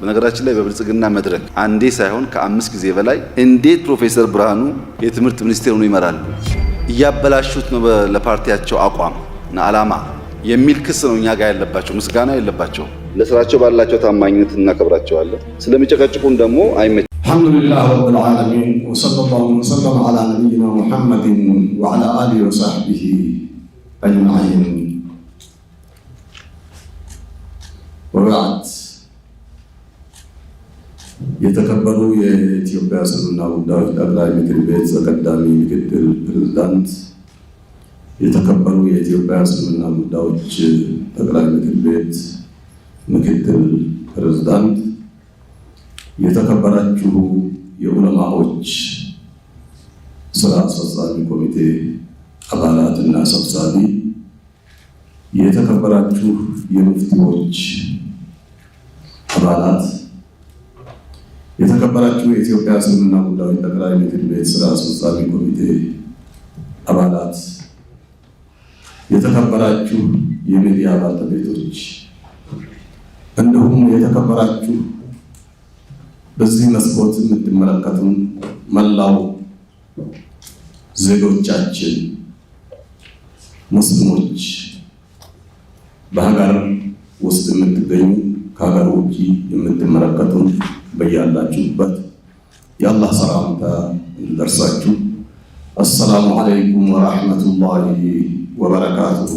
በነገራችን ላይ በብልጽግና መድረክ አንዴ ሳይሆን ከአምስት ጊዜ በላይ እንዴት ፕሮፌሰር ብርሃኑ የትምህርት ሚኒስቴር ሆኖ ይመራሉ? እያበላሹት ነው ለፓርቲያቸው አቋምና ዓላማ የሚል ክስ ነው እኛ ጋር ያለባቸው። ምስጋና የለባቸው። ለስራቸው ባላቸው ታማኝነት እናከብራቸዋለን። ስለሚጨቀጭቁን ደግሞ አይመች። አልሐምዱሊላህ ረብል ዓለሚን ወሰለላሁ ወሰለም ዓላ ነቢይና ሙሐመድን ወዓላ አሊሂ ወሰሕቢሂ አጅማዒን ወበዓድ የተከበሩ የኢትዮጵያ እስልምና ጉዳዮች ጠቅላይ ምክር ቤት ተቀዳሚ ምክትል ፕሬዝዳንት፣ የተከበሩ የኢትዮጵያ እስልምና ጉዳዮች ጠቅላይ ምክር ቤት ምክትል ፕሬዝዳንት፣ የተከበራችሁ የዑለማዎች ስራ አስፈጻሚ ኮሚቴ አባላት እና ሰብሳቢ፣ የተከበራችሁ የሙፍቲዎች አባላት የተከበራችሁ የኢትዮጵያ እስልምና ጉዳዮች ጠቅላይ ምክር ቤት ስራ አስፈጻሚ ኮሚቴ አባላት፣ የተከበራችሁ የሚዲያ ባለቤቶች፣ እንዲሁም የተከበራችሁ በዚህ መስኮት የምትመለከቱን መላው ዜጎቻችን ሙስሊሞች በሀገር ውስጥ የምትገኙ ከሀገር ውጭ የምትመለከቱን በያላችሁበት የአላህ ሰላምታ እንዲደርሳችሁ። አሰላሙ አለይኩም ወራህመቱላሂ ወበረካቱ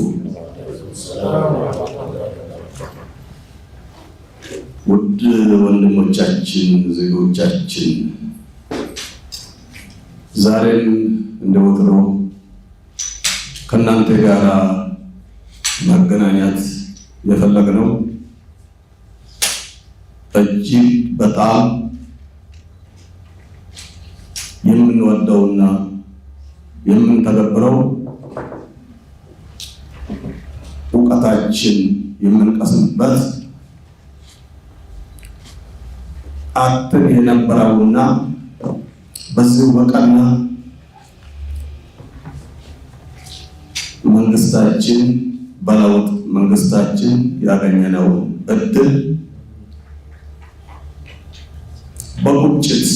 ውድ ወንድሞቻችን፣ ዜጎቻችን ዛሬም እንደ ወትሮ ከእናንተ ጋር መገናኘት የፈለግነው እጅግ በጣም የምንወደውና የምንተገብረው እውቀታችን የምንቀስምበት አትን የነበረውና በዚሁ በቀና መንግስታችን በለውጥ መንግስታችን ያገኘነው እድል በቁጭት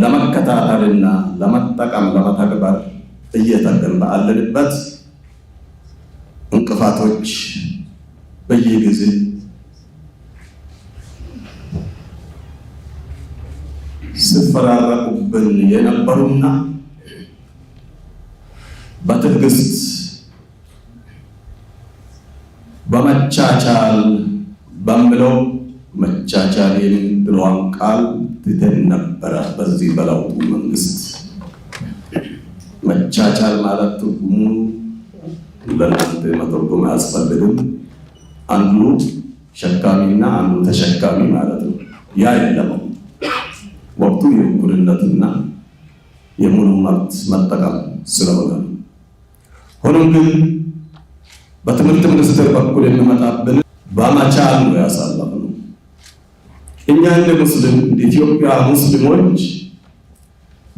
ለመከታተልና ለመጠቀም ለመተግበር እየተግን ባለንበት እንቅፋቶች በየጊዜ ስፈራረቁብን የነበሩና በትዕግስት በመቻቻል በምለው መቻቻሌን ብለዋን ቃል ትተን ነበረ። በዚህ በለውጡ መንግስት መቻቻል ማለት ትርጉሙ ለእናንተ መተርጎም አያስፈልግም። አንዱ ሸካሚና አንዱ ተሸካሚ ማለት ነው። ያ የለም። ወቅቱ የእኩልነትና የሙሉ መብት መጠቀም ስለሆነ ሆኖም ግን በትምህርት ሚኒስቴር በኩል የሚመጣብን በመቻል ነው ያሳለፈ እኛ እንደ ሙስሊም ኢትዮጵያ ሙስሊሞች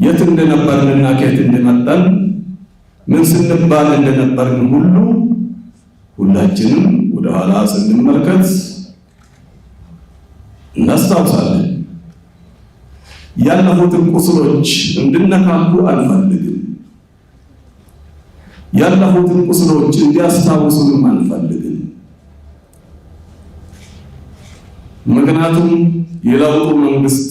የት እንደነበርንና ከየት እንደመጣን ምን ስንባል እንደነበርን ሁሉ ሁላችንም ወደ ኋላ ስንመለከት እናስታውሳለን። ያለፉትን ቁስሎች እንድነካኩ አንፈልግም። ያለፉትን ቁስሎች እንዲያስታውሱንም አንፈልግም። ምክንያቱም የለውጡ መንግስት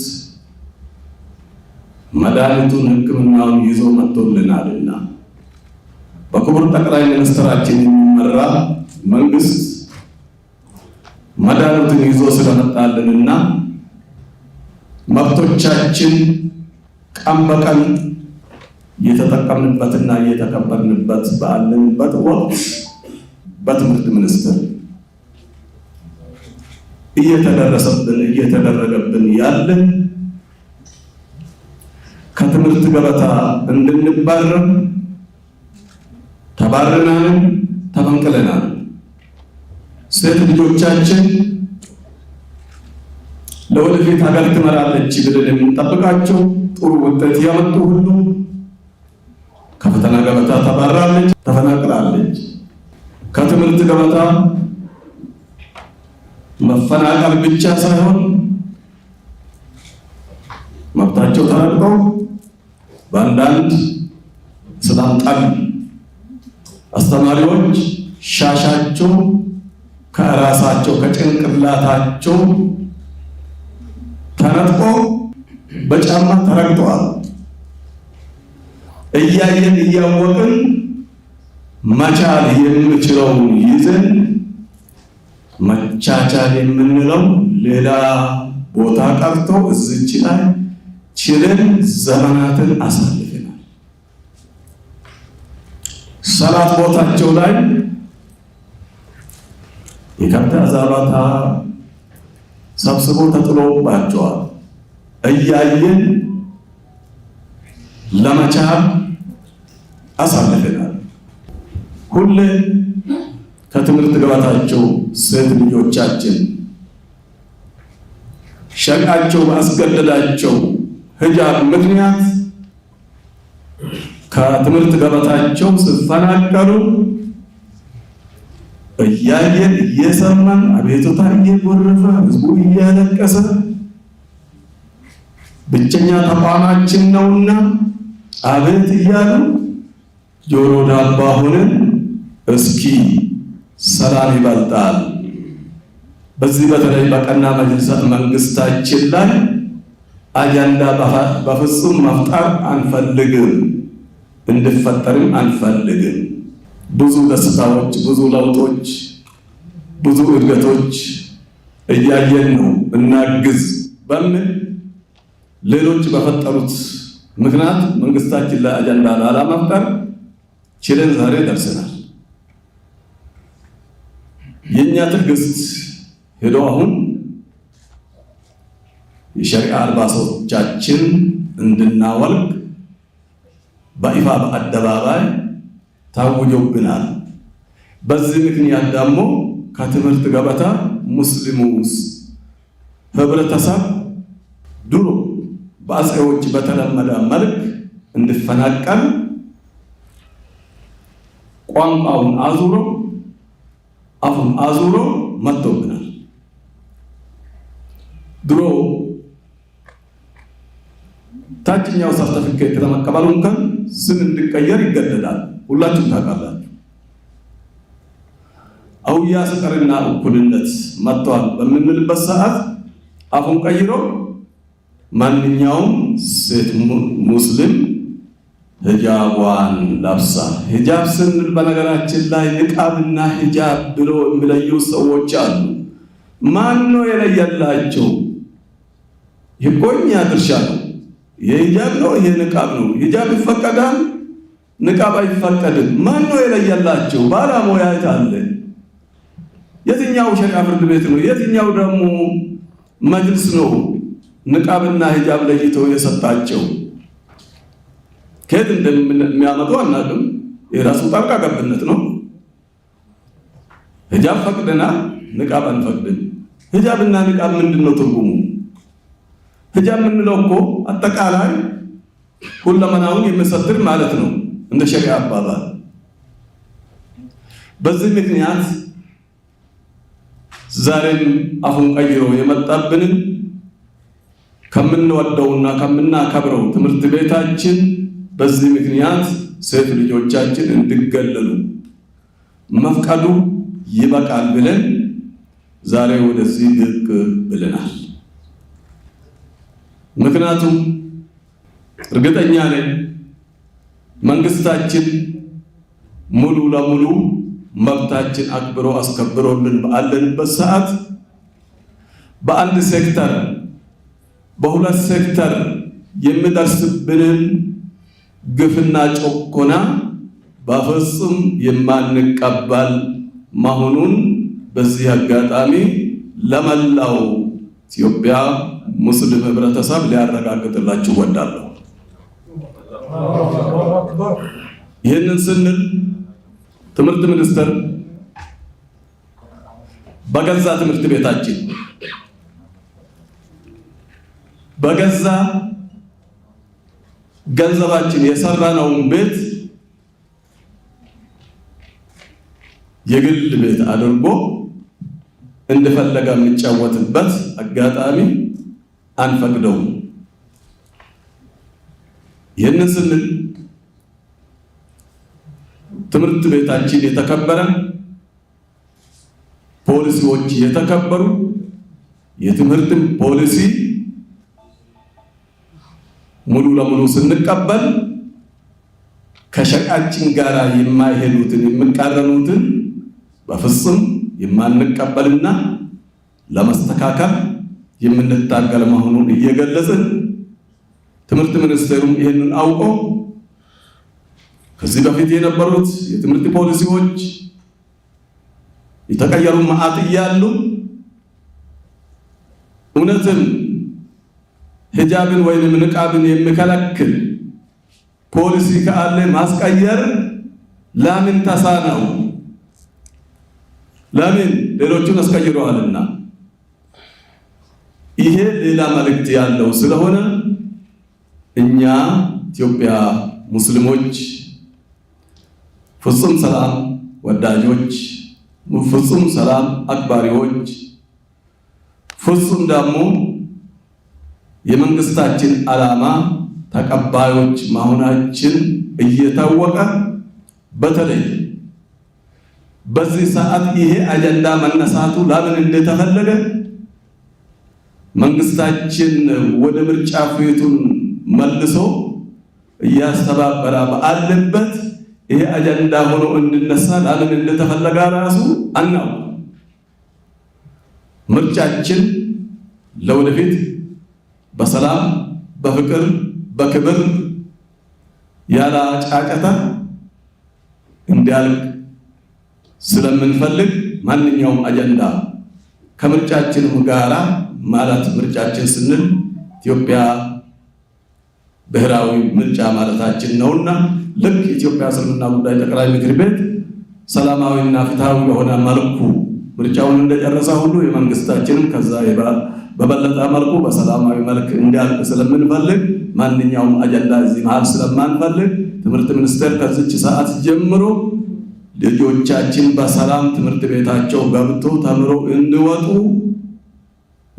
መድኃኒቱን ሕክምናውን ይዞ መጥቶልናልና በክቡር ጠቅላይ ሚኒስትራችን የሚመራ መንግስት መድኃኒቱን ይዞ ስለመጣልንና መብቶቻችን ቀን በቀን እየተጠቀምንበትና እየተከበርንበት ባለንበት ወቅት በትምህርት ሚኒስትር እየተደረሰብን እየተደረገብን ያለ ከትምህርት ገበታ እንድንባረም ተባረናልም ተፈንቅለናል። ሴት ልጆቻችን ለወደፊት ሀገር ትመራለች ብለን የምንጠብቃቸው ጥሩ ውጤት ያመጡ ሁሉ ከፈተና ገበታ ተባራለች፣ ተፈናቅላለች፣ ከትምህርት ገበታ መፈናቀል ብቻ ሳይሆን መብታቸው ተነጥቀው በአንዳንድ ስላጣን አስተማሪዎች ሻሻቸው ከራሳቸው ከጭንቅላታቸው ተነጥቆ በጫማ ተረግጠዋል። እያየን እያወቅን መቻል የምችለውን ይዘን መቻቻል የምንለው ሌላ ቦታ ቀርቶ እዚች ላይ ችልን ዘመናትን አሳልፈናል። ሰላት ቦታቸው ላይ የከብት አዛባታ ሰብስቦ ተጥሎባቸዋል። እያየን ለመቻል አሳልፈናል ሁሌ ከትምህርት ገበታቸው ሴት ልጆቻችን ሸቃቸው ባስገደዳቸው ሂጃብ ምክንያት ከትምህርት ገበታቸው ሲፈናቀሉ እያየን እየሰማን አቤቱታ እየጎረፈ ህዝቡ እያለቀሰ ብቸኛ ተቋማችን ነውና አቤት እያሉ ጆሮ ዳባ ሆነን እስኪ ሰላም ይበልጣል። በዚህ በተለይ በቀና መንግስታችን ላይ አጀንዳ በፍጹም መፍጠር አንፈልግም፣ እንድፈጠርም አንፈልግም። ብዙ ደስታዎች፣ ብዙ ለውጦች፣ ብዙ እድገቶች እያየን ነው። እናግዝ በምን ሌሎች በፈጠሩት ምክንያት መንግስታችን ላይ አጀንዳ ላለመፍጠር ችለን ዛሬ ደርሰናል። የእኛ ትዕግስት ሄዶ አሁን የሸሪዓ አልባሶቻችን እንድናወልቅ በይፋ በአደባባይ ታውጆብናል። በዚህ ምክንያት ደግሞ ከትምህርት ገበታ ሙስሊሙ ህብረተሰብ ድሮ በአጼዎች በተለመደ መልክ እንድፈናቀል ቋንቋውን አዙሮ አሁን አዙሮ መጥቶብናል። ድሮ ታችኛው ሰርተፊኬት ከተመቀበሉ እንኳን ስም እንድቀየር ይገደዳል። ሁላችሁም ታውቃላችሁ። አውያ ፍቅርና እኩልነት መጥተዋል በምንልበት ሰዓት አፉን ቀይሮ ማንኛውም ሴት ሙስሊም ሂጃቧን ለብሳ ሂጃብ ስንል በነገራችን ላይ ንቃብና ሂጃብ ብሎ የሚለዩ ሰዎች አሉ። ማን ነው የለየላቸው? የእኛ ድርሻ ነው። የሂጃብ ነው፣ ይሄ ንቃብ ነው። ሂጃብ ይፈቀዳል፣ ንቃብ አይፈቀድም። ማን ነው የለየላቸው? ባለሙያ አለ። የትኛው ሸቃ ፍርድ ቤት ነው? የትኛው ደግሞ መጅልስ ነው? ንቃብና ሂጃብ ለይተው የሰጣቸው ከየት እንደሚያመጡ አናውቅም። የራሱ ጣልቃ ገብነት ነው። ህጃብ ፈቅደና ንቃብ አንፈቅድን ህጃብና ንቃብ ምንድን ነው ትርጉሙ? ህጃብ የምንለው እኮ አጠቃላይ ሁለመናውን የሚሰትር ማለት ነው እንደ ሸሪያ አባባል። በዚህ ምክንያት ዛሬም አሁን ቀይሮ የመጣብንን ከምንወደውና ከምናከብረው ትምህርት ቤታችን በዚህ ምክንያት ሴት ልጆቻችን እንዲገለሉ መፍቀዱ ይበቃል ብለን ዛሬ ወደዚህ ብቅ ብለናል። ምክንያቱም እርግጠኛ ነኝ መንግስታችን ሙሉ ለሙሉ መብታችን አክብሮ አስከብሮልን ባለንበት ሰዓት በአንድ ሴክተር በሁለት ሴክተር የሚደርስብንን ግፍና ጭቆና በፍጹም የማንቀበል መሆኑን በዚህ አጋጣሚ ለመላው ኢትዮጵያ ሙስሊም ህብረተሰብ ሊያረጋግጥላችሁ ወዳለሁ። ይህንን ስንል ትምህርት ሚኒስቴር በገዛ ትምህርት ቤታችን በገዛ ገንዘባችን የሰራነውን ቤት የግል ቤት አድርጎ እንደፈለገ የሚጫወትበት አጋጣሚ አንፈቅደውም። ይህንን ስንል ትምህርት ቤታችን የተከበረ፣ ፖሊሲዎች የተከበሩ፣ የትምህርት ፖሊሲ ሙሉ ለሙሉ ስንቀበል ከሸቃጭን ጋር የማይሄዱትን የሚቃረኑትን በፍጹም የማንቀበልና ለመስተካከል የምንታገል መሆኑን እየገለጽን ትምህርት ሚኒስቴሩም ይህንን አውቆ ከዚህ በፊት የነበሩት የትምህርት ፖሊሲዎች የተቀየሩ መዓት እያሉ እውነትን ሂጃብን ወይንም ንቃብን የሚከለክል ፖሊሲ ካለ ማስቀየር ለምን ተሳነው? ለምን ሌሎቹን አስቀይረዋልና። ይሄ ሌላ መልእክት ያለው ስለሆነ እኛ ኢትዮጵያ ሙስሊሞች ፍጹም ሰላም ወዳጆች፣ ፍጹም ሰላም አክባሪዎች፣ ፍጹም ደግሞ የመንግስታችን ዓላማ ተቀባዮች መሆናችን እየታወቀ በተለይ በዚህ ሰዓት ይሄ አጀንዳ መነሳቱ ለምን እንደተፈለገ መንግስታችን ወደ ምርጫ ፊቱን መልሶ እያስተባበረ ባለበት ይሄ አጀንዳ ሆኖ እንድነሳ ለምን እንደተፈለገ ራሱ አናው ምርጫችን ለወደፊት በሰላም በፍቅር በክብር ያለ ጫጫታ እንዲያልቅ ስለምንፈልግ ማንኛውም አጀንዳ ከምርጫችንም ጋራ ማለት ምርጫችን ስንል ኢትዮጵያ ብሔራዊ ምርጫ ማለታችን ነውና ልክ የኢትዮጵያ እስልምና ጉዳይ ጠቅላይ ምክር ቤት ሰላማዊና ፍትሃዊ በሆነ መልኩ ምርጫውን እንደጨረሰ ሁሉ የመንግስታችንም ከዛ በበለጠ መልኩ በሰላማዊ መልክ እንዲያልቅ ስለምንፈልግ ማንኛውም አጀንዳ እዚህ መሀል ስለማንፈልግ ትምህርት ሚኒስቴር ከዚች ሰዓት ጀምሮ ልጆቻችን በሰላም ትምህርት ቤታቸው ገብቶ ተምሮ እንዲወጡ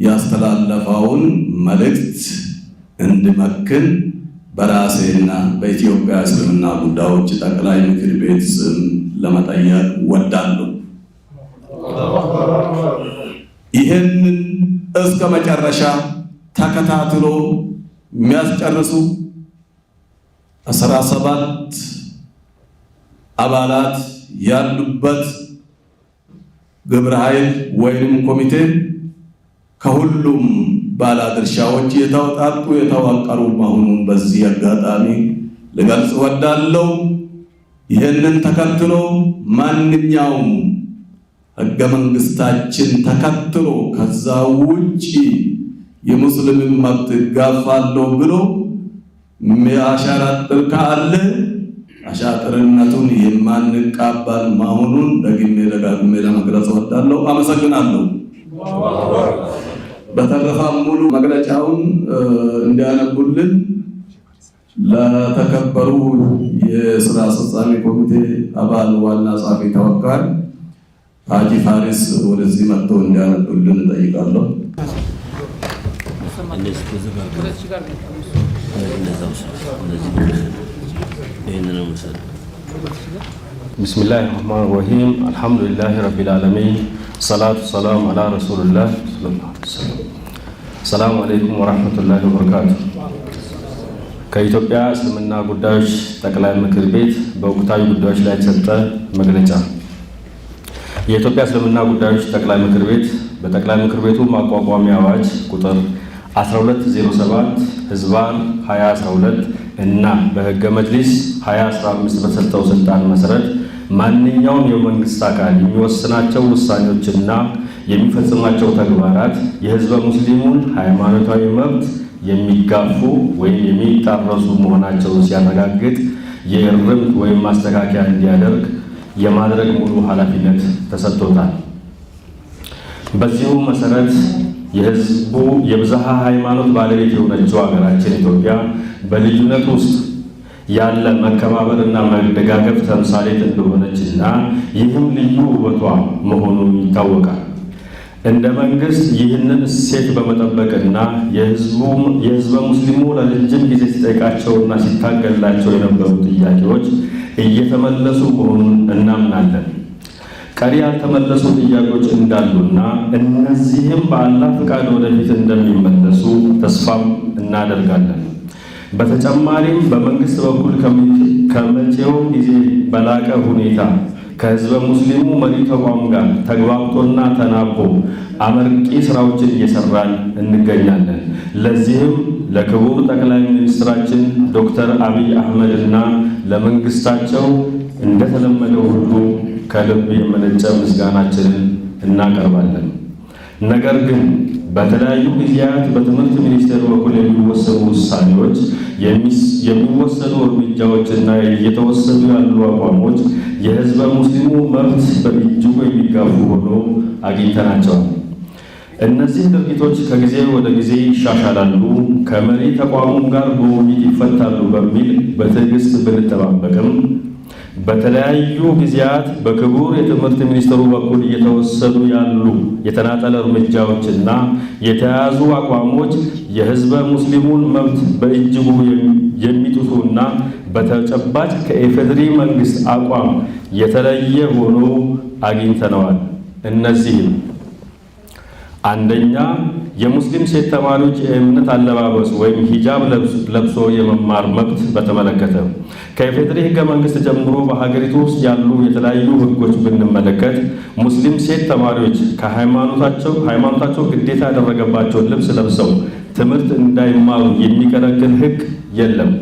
ያስተላለፈውን መልእክት እንድመክን በራሴና በኢትዮጵያ እስልምና ጉዳዮች ጠቅላይ ምክር ቤት ስም ለመጠየቅ ወዳሉ ይህን እስከ መጨረሻ ተከታትሎ የሚያስጨርሱ አስራ ሰባት አባላት ያሉበት ግብረ ኃይል ወይም ኮሚቴ ከሁሉም ባለድርሻዎች የተውጣጡ የተዋቀሩ መሆኑን በዚህ አጋጣሚ ልገልጽ ወዳለው። ይህንን ተከትሎ ማንኛውም ህገ መንግስታችን ተከትሎ ከዛ ውጪ የሙስሊምን መብት እጋፋለሁ ብሎ የሚያሻጥር ካለ አሻጥርነቱን የማንቀበል መሆኑን ደግሜ ደጋግሜ ለመግለጽ እወዳለሁ። አመሰግናለሁ። በተረፈ ሙሉ መግለጫውን እንዲያነቡልን ለተከበሩ የስራ አስፈጻሚ ኮሚቴ አባል ዋና ጸሐፊ ተወካይ ሀጂ ፋሪስ ወደዚህ መጥቶ እንዲያነጡልን እጠይቃለሁ። ቢስሚላህ ረህማን ረሂም አልሐምዱሊላህ ረቢል ዓለሚን ሰላቱ ሰላም አላ ረሱልላህ ሰላም አለይኩም ወረህመቱላሂ ወበረካቱ። ከኢትዮጵያ እስልምና ጉዳዮች ጠቅላይ ምክር ቤት በወቅታዊ ጉዳዮች ላይ የተሰጠ መግለጫ የኢትዮጵያ እስልምና ጉዳዮች ጠቅላይ ምክር ቤት በጠቅላይ ምክር ቤቱ ማቋቋሚያ አዋጅ ቁጥር 1207 ህዝባን 2012 እና በህገ መጅሊስ 2015 በተሰጠው ስልጣን መሰረት ማንኛውም የመንግስት አካል የሚወስናቸው ውሳኔዎችና የሚፈጽማቸው ተግባራት የህዝበ ሙስሊሙን ሃይማኖታዊ መብት የሚጋፉ ወይም የሚጣረሱ መሆናቸውን ሲያረጋግጥ የእርምት ወይም ማስተካከያ እንዲያደርግ የማድረግ ሙሉ ኃላፊነት ተሰጥቶታል። በዚሁ መሰረት የህዝቡ የብዝሃ ሃይማኖት ባለቤት የሆነችው ሀገራችን ኢትዮጵያ በልዩነት ውስጥ ያለ መከባበርና መደጋገፍ ተምሳሌት እንደሆነችና ይህም ልዩ ውበቷ መሆኑ ይታወቃል። እንደ መንግስት ይህንን እሴት በመጠበቅና የህዝበ ሙስሊሙ ለረጅም ጊዜ ሲጠይቃቸውና ሲታገላቸው የነበሩ ጥያቄዎች እየተመለሱ መሆኑን እናምናለን። ቀሪ ያልተመለሱ ጥያቄዎች እንዳሉና እነዚህም በአላህ ፍቃድ ወደፊት እንደሚመለሱ ተስፋም እናደርጋለን። በተጨማሪም በመንግስት በኩል ከመቼው ጊዜ በላቀ ሁኔታ ከህዝበ ሙስሊሙ መሪ ተቋም ጋር ተግባብቶና ተናቦ አመርቂ ስራዎችን እየሰራን እንገኛለን። ለዚህም ለክቡር ጠቅላይ ሚኒስትራችን ዶክተር አብይ አህመድ እና ለመንግስታቸው እንደተለመደው ሁሉ ከልብ የመነጨ ምስጋናችንን እናቀርባለን። ነገር ግን በተለያዩ ጊዜያት በትምህርት ሚኒስቴር በኩል የሚወሰኑ ውሳኔዎች፣ የሚወሰኑ እርምጃዎችና እየተወሰኑ ያሉ አቋሞች የህዝበ ሙስሊሙ መብት በእጅጉ የሚጋፉ ሆኖ አግኝተናቸዋል። እነዚህ ድርጊቶች ከጊዜ ወደ ጊዜ ይሻሻላሉ፣ ከመሪ ተቋሙም ጋር በውይይት ይፈታሉ በሚል በትዕግስት ብንጠባበቅም በተለያዩ ጊዜያት በክቡር የትምህርት ሚኒስትሩ በኩል እየተወሰዱ ያሉ የተናጠለ እርምጃዎችና የተያዙ አቋሞች የሕዝበ ሙስሊሙን መብት በእጅጉ የሚጥሱና በተጨባጭ ከኢፌዴሪ መንግስት አቋም የተለየ ሆኖ አግኝተነዋል። እነዚህም አንደኛ የሙስሊም ሴት ተማሪዎች የእምነት አለባበስ ወይም ሂጃብ ለብሶ የመማር መብት በተመለከተ ከኢፌዴሪ ህገ መንግስት ጀምሮ በሀገሪቱ ውስጥ ያሉ የተለያዩ ህጎች ብንመለከት ሙስሊም ሴት ተማሪዎች ከሃይማኖታቸው ሃይማኖታቸው ግዴታ ያደረገባቸውን ልብስ ለብሰው ትምህርት እንዳይማሩ የሚከለክል ህግ የለም።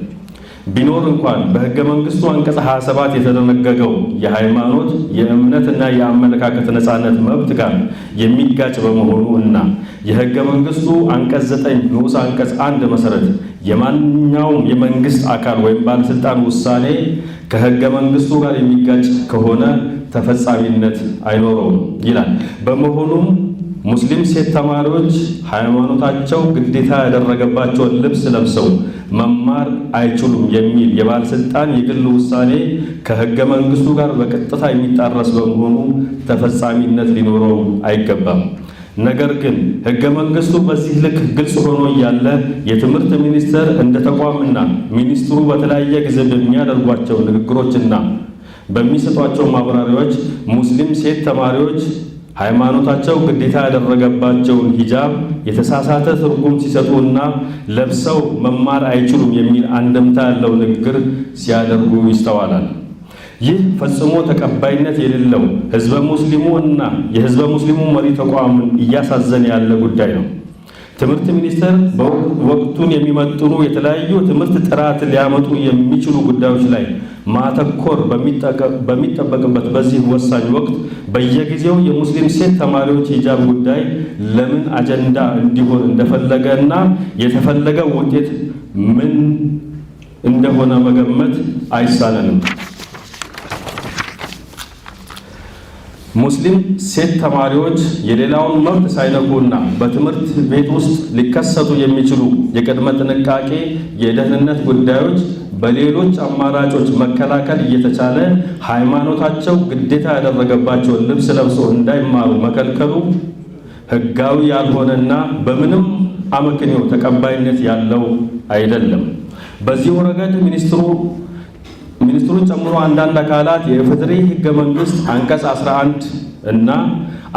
ቢኖር እንኳን በሕገ መንግስቱ አንቀጽ 27 የተደነገገው የሃይማኖት የእምነትና የአመለካከት ነፃነት መብት ጋር የሚጋጭ በመሆኑ እና የሕገ መንግስቱ አንቀጽ 9 ንዑስ አንቀጽ አንድ መሰረት የማንኛውም የመንግስት አካል ወይም ባለስልጣን ውሳኔ ከሕገ መንግስቱ ጋር የሚጋጭ ከሆነ ተፈጻሚነት አይኖረውም ይላል። በመሆኑም ሙስሊም ሴት ተማሪዎች ሃይማኖታቸው ግዴታ ያደረገባቸውን ልብስ ለብሰው መማር አይችሉም የሚል የባለስልጣን የግል ውሳኔ ከህገ መንግስቱ ጋር በቀጥታ የሚጣረስ በመሆኑ ተፈጻሚነት ሊኖረው አይገባም። ነገር ግን ህገ መንግስቱ በዚህ ልክ ግልጽ ሆኖ እያለ የትምህርት ሚኒስቴር እንደ ተቋምና ሚኒስትሩ በተለያየ ጊዜ በሚያደርጓቸው ንግግሮችና በሚሰጧቸው ማብራሪያዎች ሙስሊም ሴት ተማሪዎች ሃይማኖታቸው ግዴታ ያደረገባቸውን ሂጃብ የተሳሳተ ትርጉም ሲሰጡና ለብሰው መማር አይችሉም የሚል አንደምታ ያለው ንግግር ሲያደርጉ ይስተዋላል። ይህ ፈጽሞ ተቀባይነት የሌለው ህዝበ ሙስሊሙ እና የህዝበ ሙስሊሙ መሪ ተቋምን እያሳዘነ ያለ ጉዳይ ነው። ትምህርት ሚኒስቴር በወቅቱን የሚመጥኑ የተለያዩ ትምህርት ጥራት ሊያመጡ የሚችሉ ጉዳዮች ላይ ማተኮር በሚጠበቅበት በዚህ ወሳኝ ወቅት በየጊዜው የሙስሊም ሴት ተማሪዎች ሂጃብ ጉዳይ ለምን አጀንዳ እንዲሆን እንደፈለገ እና የተፈለገ ውጤት ምን እንደሆነ መገመት አይሳለንም። ሙስሊም ሴት ተማሪዎች የሌላውን መብት ሳይነኩና በትምህርት ቤት ውስጥ ሊከሰቱ የሚችሉ የቅድመ ጥንቃቄ የደህንነት ጉዳዮች በሌሎች አማራጮች መከላከል እየተቻለ ሃይማኖታቸው ግዴታ ያደረገባቸውን ልብስ ለብሶ እንዳይማሩ መከልከሉ ህጋዊ ያልሆነና በምንም አመክንዮ ተቀባይነት ያለው አይደለም። በዚሁ ረገድ ሚኒስትሩ ሚኒስትሩን ጨምሮ አንዳንድ አካላት የፍትሪ ህገ መንግስት አንቀጽ 11 እና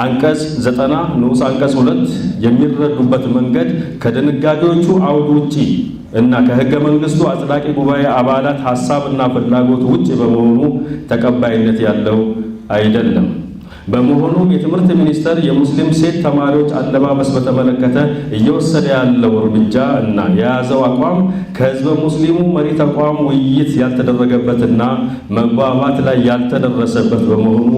አንቀጽ 90 ንዑስ አንቀጽ 2 የሚረዱበት መንገድ ከድንጋጌዎቹ አውድ ውጪ እና ከህገ መንግስቱ አጽዳቂ ጉባኤ አባላት ሀሳብና ፍላጎት ውጭ በመሆኑ ተቀባይነት ያለው አይደለም። በመሆኑም የትምህርት ሚኒስቴር የሙስሊም ሴት ተማሪዎች አለባበስ በተመለከተ እየወሰደ ያለው እርምጃ እና የያዘው አቋም ከህዝበ ሙስሊሙ መሪ ተቋም ውይይት ያልተደረገበትና መግባባት ላይ ያልተደረሰበት በመሆኑ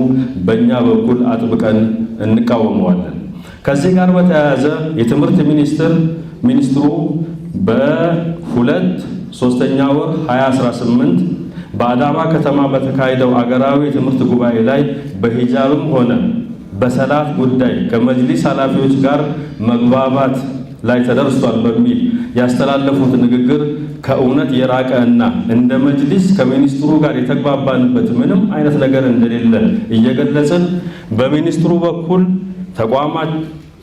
በእኛ በኩል አጥብቀን እንቃወመዋለን። ከዚህ ጋር በተያያዘ የትምህርት ሚኒስትር ሚኒስትሩ በሁለት ሶስተኛ ወር 2018 በአዳማ ከተማ በተካሄደው አገራዊ የትምህርት ጉባኤ ላይ በሂጃብም ሆነ በሰላት ጉዳይ ከመጅሊስ ኃላፊዎች ጋር መግባባት ላይ ተደርሷል በሚል ያስተላለፉት ንግግር ከእውነት የራቀ እና እንደ መጅሊስ ከሚኒስትሩ ጋር የተግባባንበት ምንም አይነት ነገር እንደሌለ እየገለጽን በሚኒስትሩ በኩል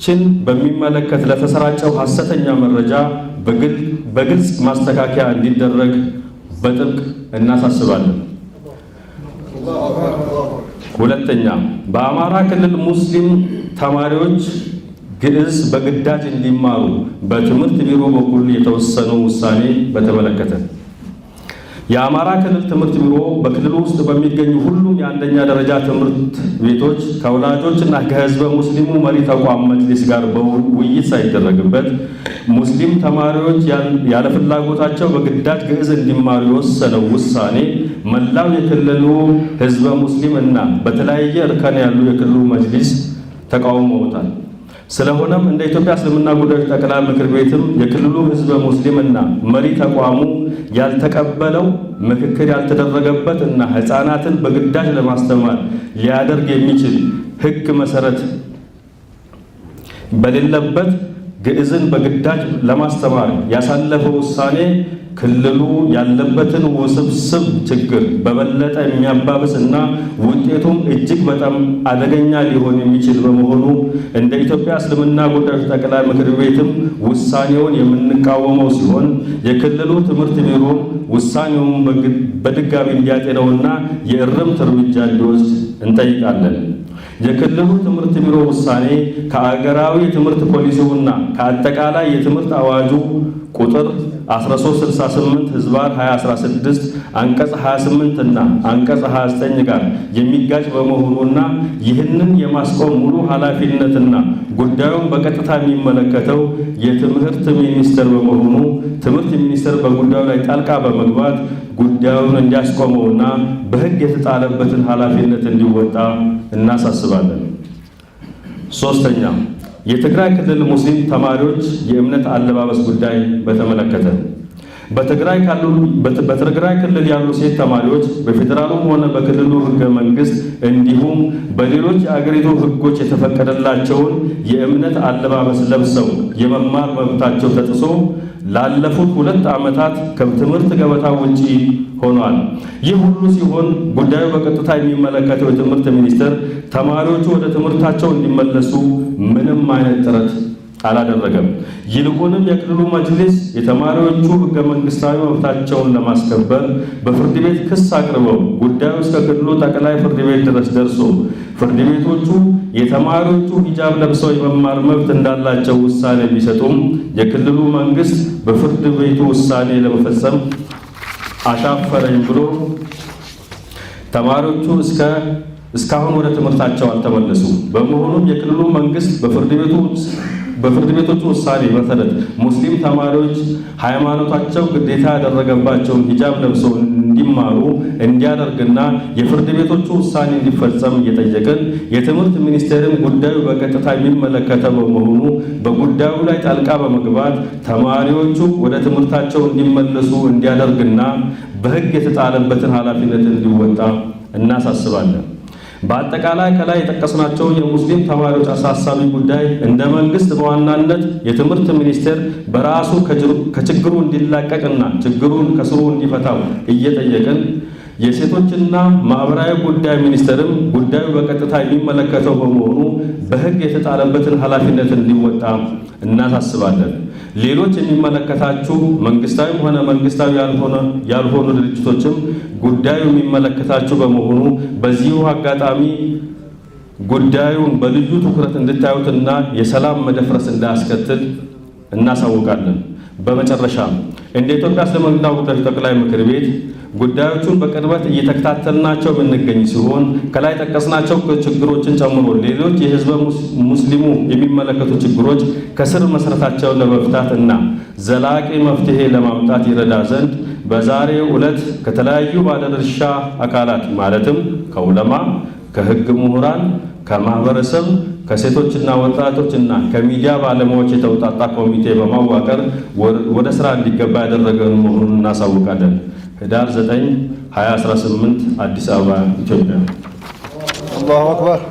ችን በሚመለከት ለተሰራጨው ሐሰተኛ መረጃ በግልጽ ማስተካከያ እንዲደረግ በጥብቅ እናሳስባለን። ሁለተኛ፣ በአማራ ክልል ሙስሊም ተማሪዎች ግዕዝ በግዳጅ እንዲማሩ በትምህርት ቢሮ በኩል የተወሰነው ውሳኔ በተመለከተ የአማራ ክልል ትምህርት ቢሮ በክልሉ ውስጥ በሚገኙ ሁሉም የአንደኛ ደረጃ ትምህርት ቤቶች ከወላጆችና ከህዝበ ሙስሊሙ መሪ ተቋም መጅሊስ ጋር በውይይት ሳይደረግበት ሙስሊም ተማሪዎች ያለፍላጎታቸው በግዳጅ ግዕዝ እንዲማሩ የወሰነው ውሳኔ መላው የክልሉ ህዝበ ሙስሊም እና በተለያየ እርከን ያሉ የክልሉ መጅሊስ ተቃውመውታል። ስለሆነም እንደ ኢትዮጵያ እስልምና ጉዳዮች ጠቅላይ ምክር ቤትም የክልሉ ህዝበ ሙስሊምና መሪ ተቋሙ ያልተቀበለው ምክክር ያልተደረገበት እና ህፃናትን በግዳጅ ለማስተማር ሊያደርግ የሚችል ህግ መሰረት በሌለበት ግዕዝን በግዳጅ ለማስተማር ያሳለፈው ውሳኔ ክልሉ ያለበትን ውስብስብ ችግር በበለጠ የሚያባብስ እና ውጤቱም እጅግ በጣም አደገኛ ሊሆን የሚችል በመሆኑ እንደ ኢትዮጵያ እስልምና ጉዳዮች ጠቅላይ ምክር ቤትም ውሳኔውን የምንቃወመው ሲሆን የክልሉ ትምህርት ቢሮ ውሳኔውን በድጋሚ እንዲያጤነውና የእርምት እርምጃ እንዲወስድ እንጠይቃለን። የክልሉ ትምህርት ቢሮ ውሳኔ ከአገራዊ የትምህርት ፖሊሲውና ከአጠቃላይ የትምህርት አዋጁ ቁጥር 1368 ህዝባር 2016 አንቀጽ 28 እና አንቀጽ 29 ጋር የሚጋጭ በመሆኑና ይህንን የማስቆም ሙሉ ኃላፊነትና ጉዳዩን በቀጥታ የሚመለከተው የትምህርት ሚኒስቴር በመሆኑ ትምህርት ሚኒስቴር በጉዳዩ ላይ ጣልቃ በመግባት ጉዳዩን እንዲያስቆመውና በሕግ የተጣለበትን ኃላፊነት እንዲወጣ እናሳስባለን። ሶስተኛ የትግራይ ክልል ሙስሊም ተማሪዎች የእምነት አለባበስ ጉዳይ በተመለከተ በትግራይ ክልል ያሉ ሴት ተማሪዎች በፌዴራሉም ሆነ በክልሉ ህገ መንግስት እንዲሁም በሌሎች የአገሪቱ ህጎች የተፈቀደላቸውን የእምነት አለባበስ ለብሰው የመማር መብታቸው ተጥሶ ላለፉት ሁለት ዓመታት ከትምህርት ገበታ ውጪ ሆኗል። ይህ ሁሉ ሲሆን ጉዳዩ በቀጥታ የሚመለከተው የትምህርት ሚኒስቴር ተማሪዎቹ ወደ ትምህርታቸው እንዲመለሱ ምንም አይነት ጥረት አላደረገም። ይልቁንም የክልሉ መጅሊስ የተማሪዎቹ ህገ መንግስታዊ መብታቸውን ለማስከበር በፍርድ ቤት ክስ አቅርበው ጉዳዩ እስከ ክልሉ ጠቅላይ ፍርድ ቤት ድረስ ደርሶ ፍርድ ቤቶቹ የተማሪዎቹ ሂጃብ ለብሰው የመማር መብት እንዳላቸው ውሳኔ ቢሰጡም የክልሉ መንግስት በፍርድ ቤቱ ውሳኔ ለመፈጸም አሻፈረኝ ብሎ ተማሪዎቹ እስከ እስካሁን ወደ ትምህርታቸው አልተመለሱ። በመሆኑም የክልሉ መንግስት በፍርድ ቤቶቹ ውሳኔ መሰረት ሙስሊም ተማሪዎች ሃይማኖታቸው ግዴታ ያደረገባቸውን ሂጃብ ለብሰው እንዲማሩ እንዲያደርግና የፍርድ ቤቶቹ ውሳኔ እንዲፈጸም እየጠየቅን የትምህርት ሚኒስቴርም ጉዳዩ በቀጥታ የሚመለከተ በመሆኑ በጉዳዩ ላይ ጣልቃ በመግባት ተማሪዎቹ ወደ ትምህርታቸው እንዲመለሱ እንዲያደርግና በሕግ የተጣለበትን ኃላፊነት እንዲወጣ እናሳስባለን። በአጠቃላይ ከላይ የጠቀስናቸው የሙስሊም ተማሪዎች አሳሳቢ ጉዳይ እንደ መንግስት በዋናነት የትምህርት ሚኒስቴር በራሱ ከችግሩ እንዲላቀቅና ችግሩን ከስሩ እንዲፈታው እየጠየቅን የሴቶችና ማህበራዊ ጉዳይ ሚኒስቴርም ጉዳዩ በቀጥታ የሚመለከተው በመሆኑ በሕግ የተጣለበትን ኃላፊነት እንዲወጣ እናሳስባለን። ሌሎች የሚመለከታችሁ መንግስታዊም ሆነ መንግስታዊ ያልሆኑ ድርጅቶችም ጉዳዩ የሚመለከታችሁ በመሆኑ በዚሁ አጋጣሚ ጉዳዩን በልዩ ትኩረት እንድታዩትና የሰላም መደፍረስ እንዳያስከትል እናሳውቃለን። በመጨረሻ እንደ ኢትዮጵያ እስልምና ጉዳዮች ጠቅላይ ምክር ቤት ጉዳዮቹን በቅርበት እየተከታተልናቸው የምንገኝ ሲሆን ከላይ ጠቀስናቸው ችግሮችን ጨምሮ ሌሎች የህዝበ ሙስሊሙ የሚመለከቱ ችግሮች ከስር መሰረታቸውን ለመፍታት እና ዘላቂ መፍትሄ ለማምጣት ይረዳ ዘንድ በዛሬው ዕለት ከተለያዩ ባለድርሻ አካላት ማለትም ከዑለማ፣ ከህግ ምሁራን፣ ከማህበረሰብ ከሴቶችና ወጣቶች እና ከሚዲያ ባለሙያዎች የተውጣጣ ኮሚቴ በማዋቀር ወደ ስራ እንዲገባ ያደረገን መሆኑን እናሳውቃለን። ህዳር 9 2018 አዲስ አበባ ኢትዮጵያ። አላሁ አክበር